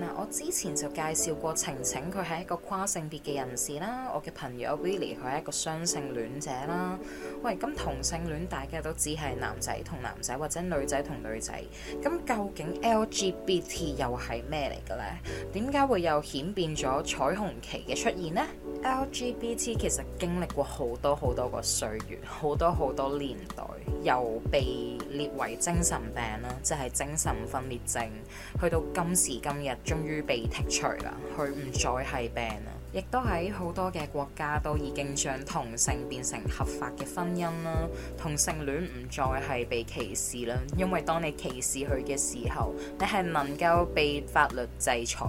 嗱，我之前就介紹過晴晴，佢係一個跨性別嘅人士啦。我嘅朋友 Willie 佢係一個雙性戀者啦。喂，咁同性戀大家都只係男仔同男仔或者女仔同女仔。咁究竟 LGBT 又係咩嚟嘅呢？點解會又演變咗彩虹旗嘅出現呢？LGBT 其實經歷過好多好多個歲月，好多好多年代，又被列為精神病啦，即係精神分裂症。去到今時今日，終於被剔除啦，佢唔再係病啦。亦都喺好多嘅國家都已經將同性變成合法嘅婚姻啦，同性戀唔再係被歧視啦。因為當你歧視佢嘅時候，你係能夠被法律制裁。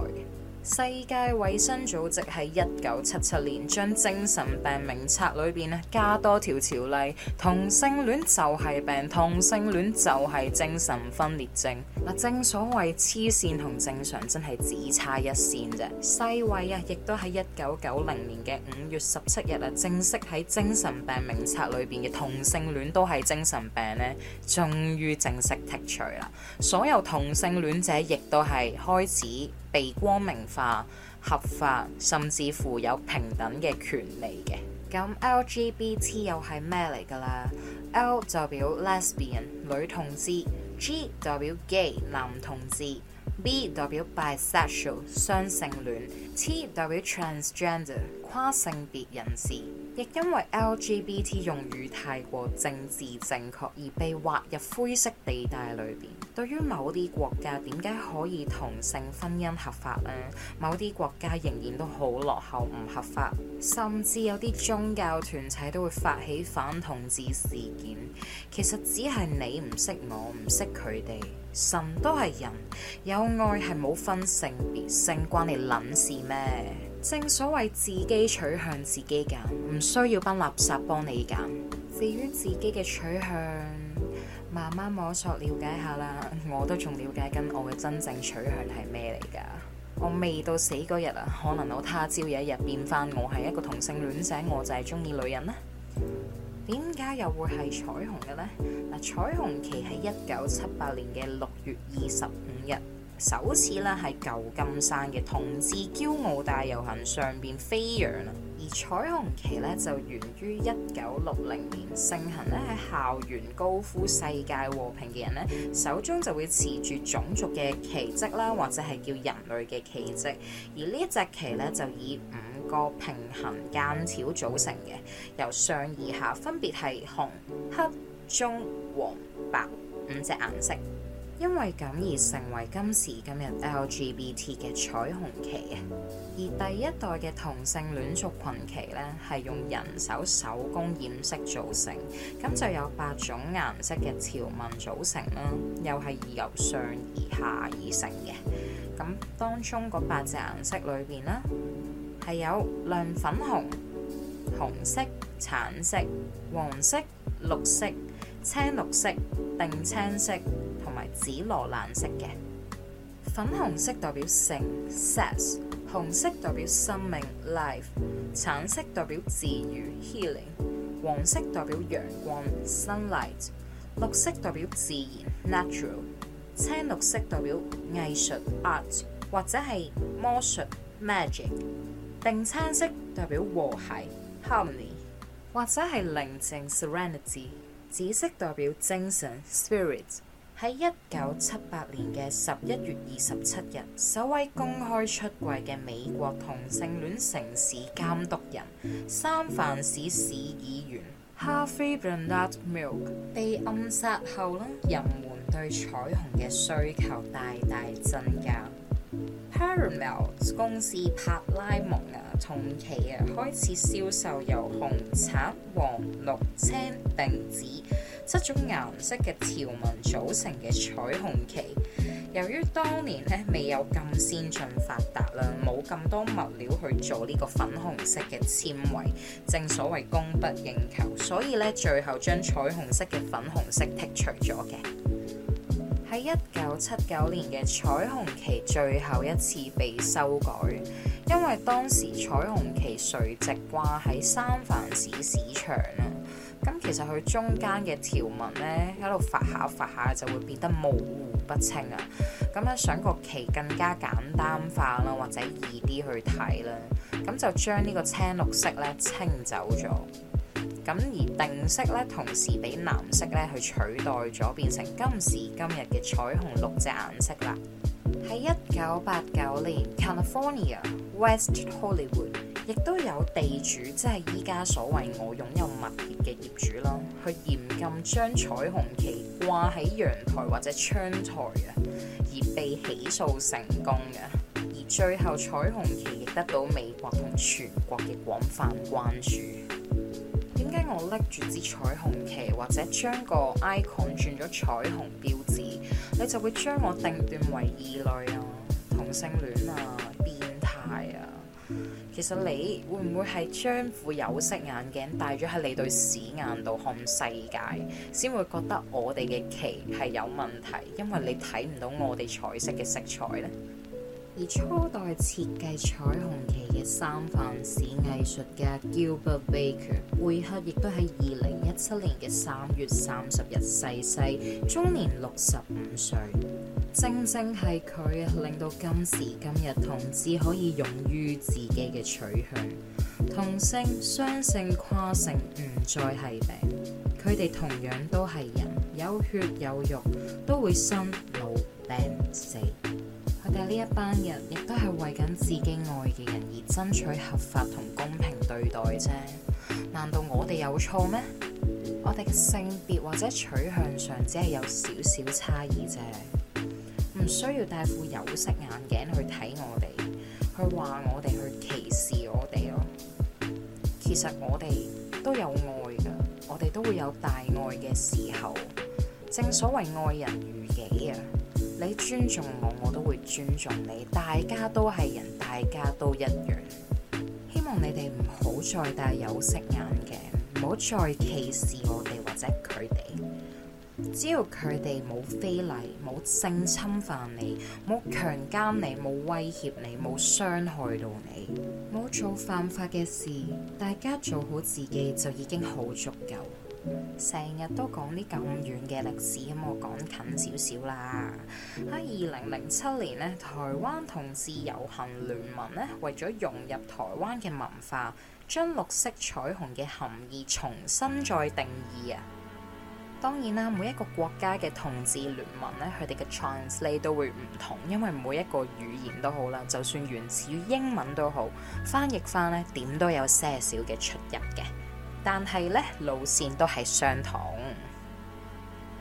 世界衛生組織喺一九七七年將精神病名冊裏邊呢加多條條例，同性戀就係病，同性戀就係精神分裂症。嗱，正所謂痴綫同正常真係只差一綫啫。世衛啊，亦都喺一九九零年嘅五月十七日啊，正式喺精神病名冊裏邊嘅同性戀都係精神病呢，終於正式剔除啦。所有同性戀者亦都係開始。被光明化、合法，甚至乎有平等嘅權利嘅。咁 LGBT 又係咩嚟㗎啦？L 代表 lesbian 女同志，G 代表 gay 男同志，B 代表 bisexual 雙性戀，T 代表 transgender。跨性別人士亦因為 LGBT 用語太過政治正確而被劃入灰色地帶裏邊。對於某啲國家點解可以同性婚姻合法呢？某啲國家仍然都好落後唔合法，甚至有啲宗教團體都會發起反同志事件。其實只係你唔識我，唔識佢哋。神都係人，有愛係冇分性別，性關你撚事咩？正所謂自己取向自己揀，唔需要班垃圾幫你揀。至於自己嘅取向，慢慢摸索了解下啦。我都仲了解緊我嘅真正取向係咩嚟㗎。我未到死嗰日啊，可能我他朝有一日變翻我係一個同性戀者，我就係中意女人呢。點解又會係彩虹嘅呢？嗱，彩虹旗係一九七八年嘅六月二十五日。首次咧係舊金山嘅同志驕傲大遊行上邊飛揚。而彩虹旗咧就源於一九六零年，盛行咧喺校園高呼世界和平嘅人咧，手中就會持住種族嘅旗幟啦，或者係叫人類嘅旗幟。而一隻呢一隻旗咧就以五個平衡間條組成嘅，由上而下分別係紅、黑、棕、黃、白五隻顏色。因為咁而成為今時今日 LGBT 嘅彩虹旗啊，而第一代嘅同性戀族群旗呢，係用人手手工染色組成，咁就有八種顏色嘅條紋組成啦，又係由上而下而成嘅。咁當中嗰八隻顏色裏邊啦，係有亮粉紅、紅色、橙色、黃色、綠色、青綠色、定青色，紫羅蘭色嘅粉紅色代表性 sex，紅色代表生命 life，橙色代表治愈 healing，黃色代表陽光 sunlight，綠色代表自然 natural，青綠色代表藝術 art 或者係魔術 magic，定餐色代表和諧 harmony 或者係寧靜 serenity，紫色代表精神 spirit。喺一九七八年嘅十一月二十七日，首位公開出櫃嘅美國同性戀城市監督人、三藩市市議員哈菲·布蘭德·米克被暗殺後啦，人們對彩虹嘅需求大大增加。Paramount 公司帕拉蒙啊，同期啊，開始銷售由紅、橙、黃、綠、青、靛、紫七種顏色嘅條紋組成嘅彩虹旗。由於當年咧未有咁先進發達啦，冇咁多物料去做呢個粉紅色嘅纖維，正所謂供不應求，所以咧最後將彩虹色嘅粉紅色剔除咗嘅。喺一九七九年嘅彩虹旗最後一次被修改，因為當時彩虹旗垂直掛喺三藩市市場啦。咁其實佢中間嘅條紋呢，喺度發下發下就會變得模糊不清啊。咁樣想個旗更加簡單化啦，或者易啲去睇啦，咁就將呢個青綠色咧清走咗。咁而定色咧，同時俾藍色咧去取代咗，變成今時今日嘅彩虹六隻顏色啦。喺一九八九年，California West Hollywood 亦都有地主，即係依家所謂我擁有物業嘅業主咯，去嚴禁將彩虹旗掛喺陽台或者窗台啊，而被起訴成功嘅，而最後彩虹旗亦得到美國同全國嘅廣泛關注。驚我拎住支彩虹旗，或者將個 icon 轉咗彩虹標誌，你就會將我定斷為異類啊、同性戀啊、變態啊？其實你會唔會係將副有色眼鏡戴咗喺你對屎眼度看世界，先會覺得我哋嘅旗係有問題？因為你睇唔到我哋彩色嘅色彩呢？而初代設計彩虹旗嘅三藩市藝術家 Gilbert Baker，貝克亦都喺二零一七年嘅三月三十日逝世，終年六十五歲。正正係佢令到今時今日同志可以勇於自己嘅取向，同性、雙性、跨性唔再係病，佢哋同樣都係人，有血有肉，都會生老病死。佢哋呢一班人亦都係為緊自己愛嘅人而爭取合法同公平對待啫。難道我哋有錯咩？我哋嘅性別或者取向上只係有少少差異啫，唔需要戴副有色眼鏡去睇我哋，去話我哋，去歧視我哋咯。其實我哋都有愛㗎，我哋都會有大愛嘅時候。正所謂愛人如己啊。你尊重我，我都會尊重你。大家都係人，大家都一樣。希望你哋唔好再戴有色眼鏡，唔好再歧視我哋或者佢哋。只要佢哋冇非禮、冇性侵犯你、冇強姦你、冇威脅你、冇傷害到你、冇做犯法嘅事，大家做好自己就已經好足夠。成日都講啲咁遠嘅歷史，咁我講近少少啦。喺二零零七年呢，台灣同志遊行聯盟呢，為咗融入台灣嘅文化，將綠色彩虹嘅含義重新再定義啊。當然啦，每一個國家嘅同志聯盟呢，佢哋嘅 translate 都會唔同，因為每一個語言都好啦，就算源自於英文都好，翻譯翻呢點都有些少嘅出入嘅。但係咧，路線都係相同。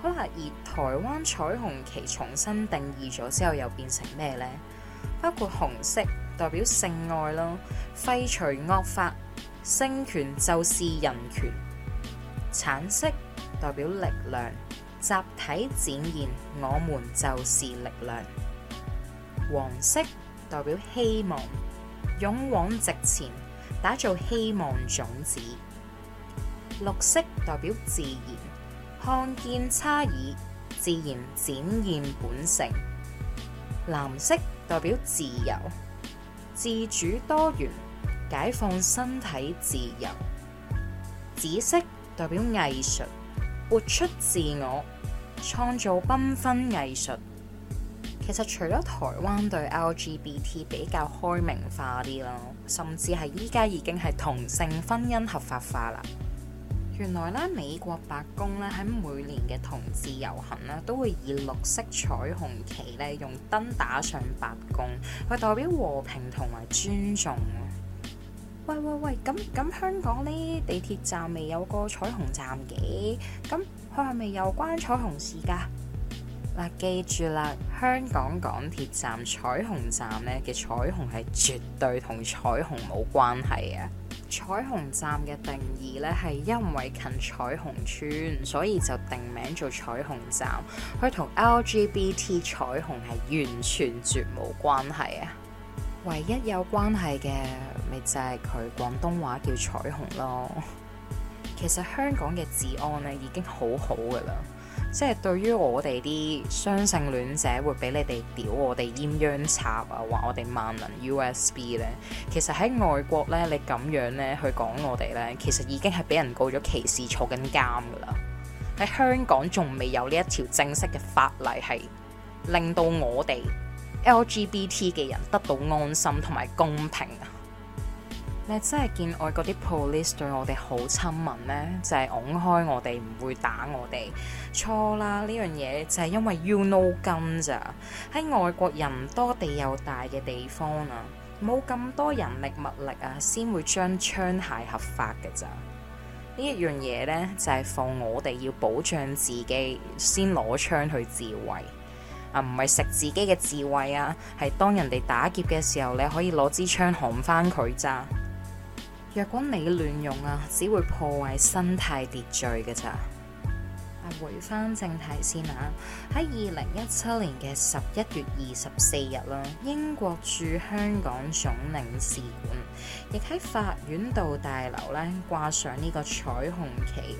好啦，而台灣彩虹旗重新定義咗之後，又變成咩呢？包括紅色代表性愛咯，廢除惡法，性權就是人權；橙色代表力量，集體展現我們就是力量；黃色代表希望，勇往直前，打造希望種子。綠色代表自然，看見差異，自然展現本性；藍色代表自由、自主、多元、解放身體自由；紫色代表藝術，活出自我，創造繽紛藝術。其實，除咗台灣對 LGBT 比較開明化啲咯，甚至係依家已經係同性婚姻合法化啦。原來咧，美國白宮咧喺每年嘅同志遊行咧，都會以綠色彩虹旗咧，用燈打上白宮，去代表和平同埋尊重。喂喂、嗯、喂，咁咁香港呢地鐵站未有個彩虹站嘅，咁佢係係咪又關彩虹事㗎？嗱、啊，記住啦，香港港鐵站彩虹站咧嘅彩虹係絕對同彩虹冇關係啊！彩虹站嘅定義咧，係因為近彩虹村，所以就定名做彩虹站。佢同 LGBT 彩虹係完全絕無關係啊！唯一有關係嘅，咪就係佢廣東話叫彩虹咯。其實香港嘅治安呢，已經好好㗎喇。即係對於我哋啲雙性戀者，會俾你哋屌我哋鴛鴦插啊，話我哋萬能 USB 咧。其實喺外國咧，你咁樣咧去講我哋咧，其實已經係俾人告咗歧視坐，坐緊監噶啦。喺香港仲未有呢一條正式嘅法例係令到我哋 LGBT 嘅人得到安心同埋公平。真係見外國啲 police 對我哋好親民呢，就係、是、拱開我哋唔會打我哋。錯啦，呢樣嘢就係因為 you know gun 咋，喺外國人多地又大嘅地方啊，冇咁多人力物力啊，先會將槍械合法嘅咋。呢一樣嘢呢，就係、是、放我哋要保障自己先攞槍去自衞啊，唔係食自己嘅智慧啊，係當人哋打劫嘅時候，你可以攞支槍轟翻佢咋。若果你亂用啊，只會破壞生態秩序嘅咋。回翻正題先啊。喺二零一七年嘅十一月二十四日啦，英國駐香港總領事館亦喺法院道大樓咧掛上呢個彩虹旗。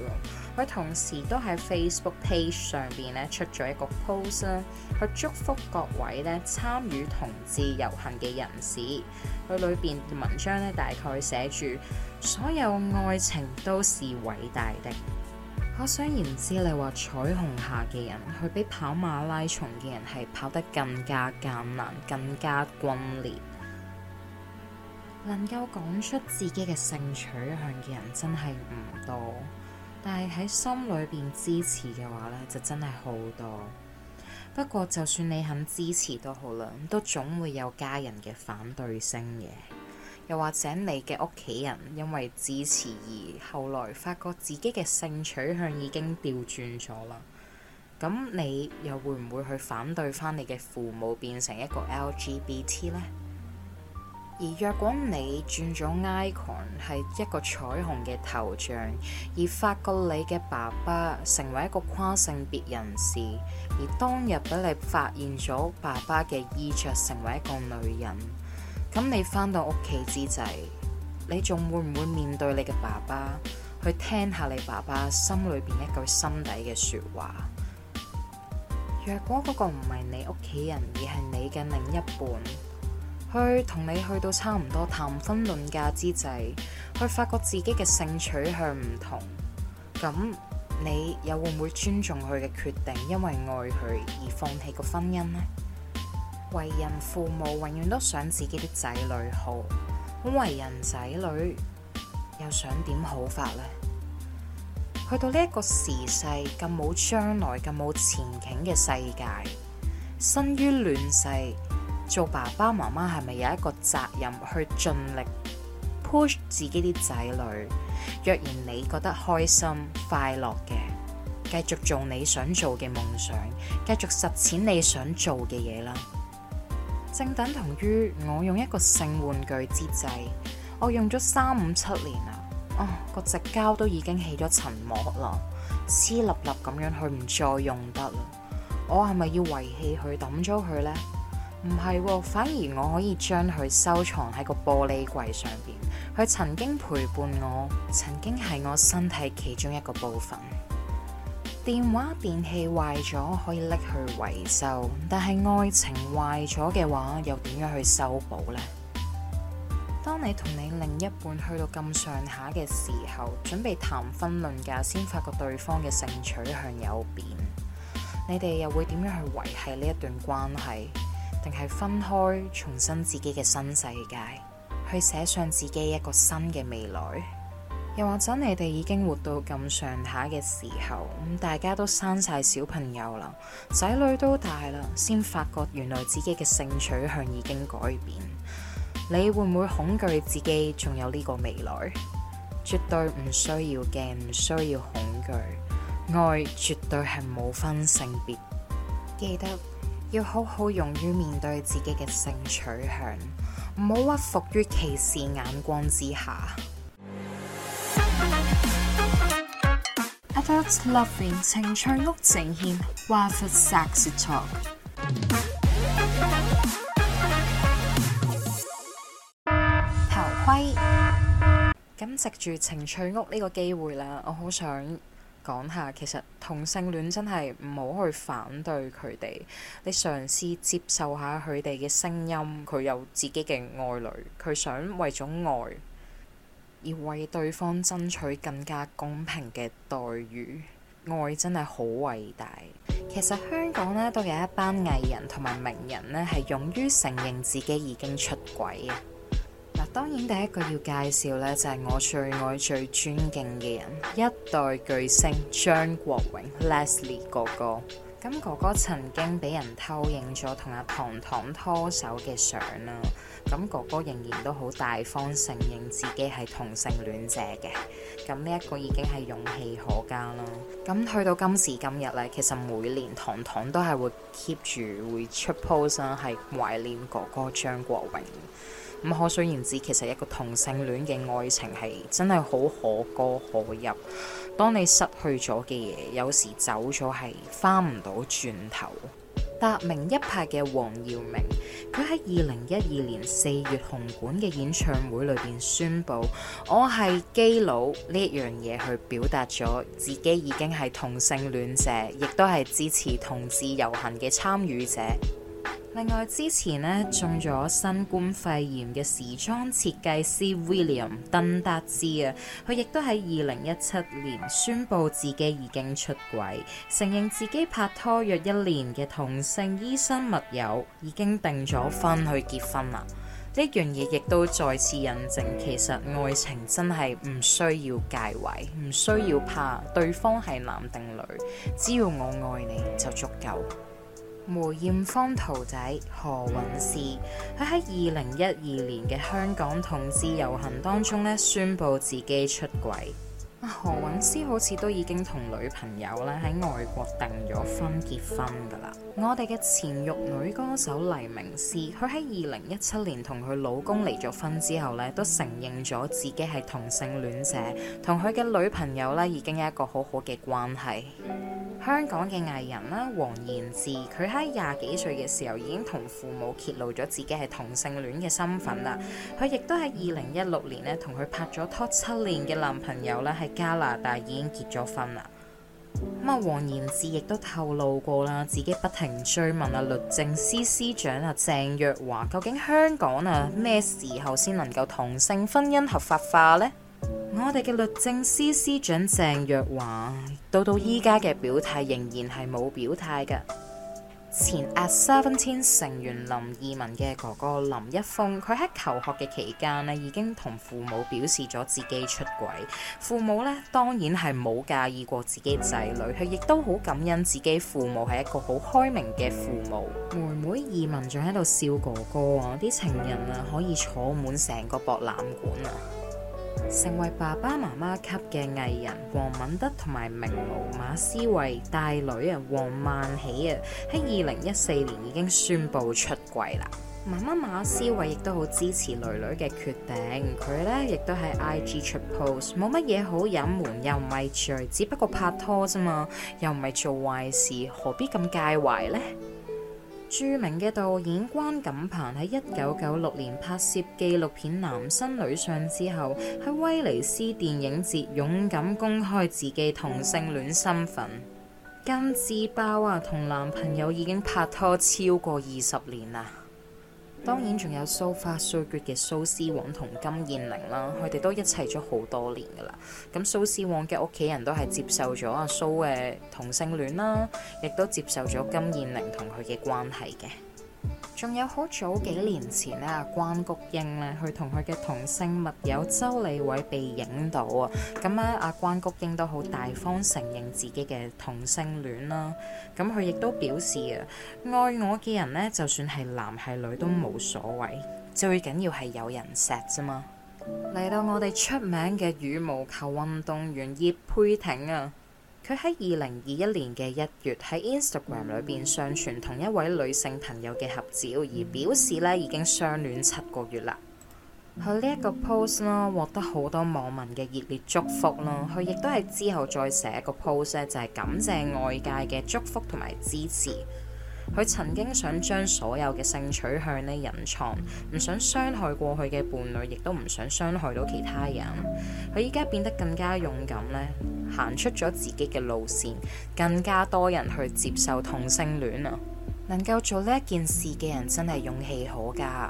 佢同時都喺 Facebook page 上邊咧出咗一個 post 啦，去祝福各位咧參與同志遊行嘅人士。佢裏邊嘅文章咧，大概寫住所有愛情都是偉大的。可想而知，你話彩虹下嘅人，佢比跑馬拉松嘅人係跑得更加艱難，更加轟烈。能夠講出自己嘅性取向嘅人真係唔多，但係喺心裏邊支持嘅話咧，就真係好多。不過，就算你肯支持都好啦，都總會有家人嘅反對聲嘅。又或者，你嘅屋企人因為支持而後來發覺自己嘅性取向已經掉轉咗啦，咁你又會唔會去反對翻你嘅父母變成一個 LGBT 呢？而若果你轉咗 icon 係一個彩虹嘅頭像，而發覺你嘅爸爸成為一個跨性別人士，而當日俾你發現咗爸爸嘅衣着成為一個女人，咁你返到屋企之際，你仲會唔會面對你嘅爸爸去聽下你爸爸心裏邊一句心底嘅說話？若果嗰個唔係你屋企人，而係你嘅另一半。去同你去到差唔多談婚論嫁之際，去發覺自己嘅性取向唔同，咁你又會唔會尊重佢嘅決定？因為愛佢而放棄個婚姻呢？為人父母永遠都想自己啲仔女好，咁為人仔女又想點好法呢？去到呢一個時勢咁冇將來、咁冇前景嘅世界，生於亂世。做爸爸、媽媽係咪有一個責任去盡力 push 自己啲仔女？若然你覺得開心、快樂嘅，繼續做你想做嘅夢想，繼續實踐你想做嘅嘢啦。正等同於我用一個性玩具之際，我用咗三五七年啦。哦，個直膠都已經起咗塵膜啦，黐立立咁樣去，唔再用得啦。我係咪要遺棄佢、抌咗佢呢？唔係喎，反而我可以將佢收藏喺個玻璃櫃上邊。佢曾經陪伴我，曾經係我身體其中一個部分。電話電器壞咗可以拎去維修，但係愛情壞咗嘅話，又點樣去修補呢？當你同你另一半去到咁上下嘅時候，準備談婚論嫁，先發覺對方嘅性取向有變，你哋又會點樣去維繫呢一段關係？定係分開，重新自己嘅新世界，去寫上自己一個新嘅未來。又或者你哋已經活到咁上下嘅時候，咁、嗯、大家都生晒小朋友啦，仔女都大啦，先發覺原來自己嘅性取向已經改變。你會唔會恐懼自己仲有呢個未來？絕對唔需要驚，唔需要恐懼。愛絕對係冇分性別。記得。要好好勇於面對自己嘅性取向，唔好屈服於歧視眼光之下。Adult Loving 情趣屋呈現，話術 sexy talk 頭盔。咁藉住情趣屋呢個機會啦，我好想。講下其實同性戀真係唔好去反對佢哋，你嘗試接受下佢哋嘅聲音。佢有自己嘅愛侶，佢想為咗愛而為對方爭取更加公平嘅待遇。愛真係好偉大。其實香港呢都有一班藝人同埋名人呢，係勇於承認自己已經出軌嘅。當然，第一個要介紹咧就係我最愛最尊敬嘅人，一代巨星張國榮 Leslie 哥哥。咁哥哥曾經俾人偷影咗同阿糖糖拖手嘅相啦，咁哥哥仍然都好大方承認自己係同性戀者嘅。咁呢一個已經係勇氣可嘉啦。咁去到今時今日咧，其實每年糖糖都係會 keep 住會出 post 係懷念哥哥張國榮。可想而知，其實一個同性戀嘅愛情係真係好可歌可泣。當你失去咗嘅嘢，有時走咗係翻唔到轉頭。達明一派嘅黃耀明，佢喺二零一二年四月紅館嘅演唱會裏邊宣佈：我係基佬呢一樣嘢，去表達咗自己已經係同性戀者，亦都係支持同志遊行嘅參與者。另外之前呢，中咗新冠肺炎嘅時裝設計師 William 鄧達智啊，佢亦都喺二零一七年宣佈自己已經出櫃，承認自己拍拖約一年嘅同性醫生密友已經訂咗婚去結婚啦。呢樣嘢亦都再次印證，其實愛情真係唔需要介懷，唔需要怕對方係男定女，只要我愛你就足夠。梅艷芳徒弟何韻詩，佢喺二零一二年嘅香港同志遊行當中咧，宣布自己出櫃。何韻詩好似都已經同女朋友咧喺外國訂咗婚結婚噶啦。我哋嘅前玉女歌手黎明詩，佢喺二零一七年同佢老公離咗婚之後呢，都承認咗自己係同性戀者，同佢嘅女朋友呢已經係一個好好嘅關係。香港嘅藝人啦，黃彥志，佢喺廿幾歲嘅時候已經同父母揭露咗自己係同性戀嘅身份啦。佢亦都喺二零一六年呢，同佢拍咗拖七年嘅男朋友呢。係。加拿大已經結咗婚啦。咁啊，黃言志亦都透露過啦，自己不停追問啊律政司司長啊鄭若驊，究竟香港啊咩時候先能夠同性婚姻合法化呢？我哋嘅律政司司長鄭若驊到到依家嘅表態仍然係冇表態嘅。前 at17 成員林二汶嘅哥哥林一峰，佢喺求學嘅期間咧已經同父母表示咗自己出櫃，父母咧當然係冇介意過自己仔女，佢亦都好感恩自己父母係一個好開明嘅父母。妹妹二汶仲喺度笑哥哥啊，啲情人啊可以坐滿成個博覽館啊！成為爸爸媽媽級嘅藝人，王敏德同埋名模馬詩慧大女啊，王曼喜啊，喺二零一四年已經宣布出櫃啦。媽媽馬詩慧亦都好支持女女嘅決定，佢咧亦都喺 IG 出 post，冇乜嘢好隱瞞，又唔係罪，只不過拍拖啫嘛，又唔係做壞事，何必咁介懷呢？著名嘅導演關錦鵬喺一九九六年拍攝紀錄片《男生女相》之後，喺威尼斯電影節勇敢公開自己同性戀身份。兼自爆啊，同男朋友已經拍拖超過二十年啦。當然仲有 so far so good 嘅蘇絲黃同金燕玲啦，佢哋都一齊咗好多年噶啦。咁蘇絲黃嘅屋企人都係接受咗阿、啊、蘇嘅同性戀啦，亦都接受咗金燕玲同佢嘅關係嘅。仲有好早幾年前呢，阿關菊英呢去同佢嘅同性密友周李偉被影到啊！咁咧，阿關菊英都好大方承認自己嘅同性戀啦。咁佢亦都表示啊，愛我嘅人呢就算係男係女都冇所謂，最緊要係有人錫啫嘛。嚟到我哋出名嘅羽毛球運動員葉佩婷啊！佢喺二零二一年嘅一月喺 Instagram 裏邊上傳同一位女性朋友嘅合照，而表示呢已經相戀七個月啦。佢呢一個 post 呢獲得好多網民嘅熱烈祝福咯。佢亦都係之後再寫一個 post 就係感謝外界嘅祝福同埋支持。佢曾經想將所有嘅性取向呢隱藏，唔想傷害過去嘅伴侶，亦都唔想傷害到其他人。佢依家變得更加勇敢呢。行出咗自己嘅路線，更加多人去接受同性戀啊！能夠做呢件事嘅人真係勇氣可嘉。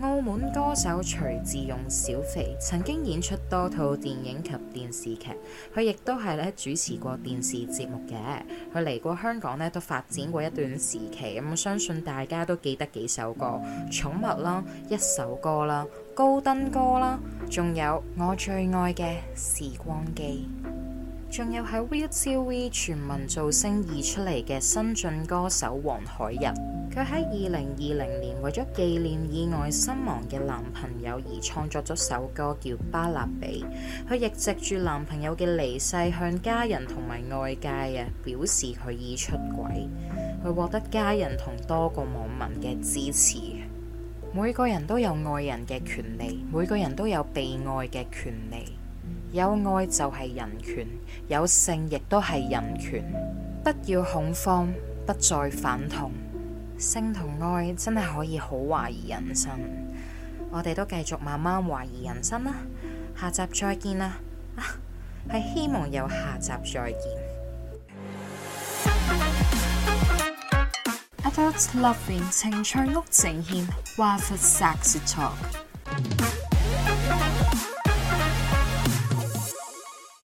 澳門歌手徐志勇小肥曾經演出多套電影及電視劇，佢亦都係咧主持過電視節目嘅。佢嚟過香港咧，都發展過一段時期。咁、嗯、我相信大家都記得幾首歌，寵物啦，一首歌啦，高登歌啦，仲有我最愛嘅時光機。仲有喺 ViuTV e 全民造星，而出嚟嘅新晉歌手黃海仁，佢喺二零二零年為咗紀念意外身亡嘅男朋友而創作咗首歌叫《巴納比》，佢亦藉住男朋友嘅離世，向家人同埋外界啊表示佢已出櫃，佢獲得家人同多個網民嘅支持。每個人都有愛人嘅權利，每個人都有被愛嘅權利。有愛就係人權，有性亦都係人權。不要恐慌，不再反同。性同愛真係可以好懷疑人生，我哋都繼續慢慢懷疑人生啦。下集再見啦，係、啊、希望有下集再見。Adult Loving 晴趣屋呈獻，Wife Sex Talk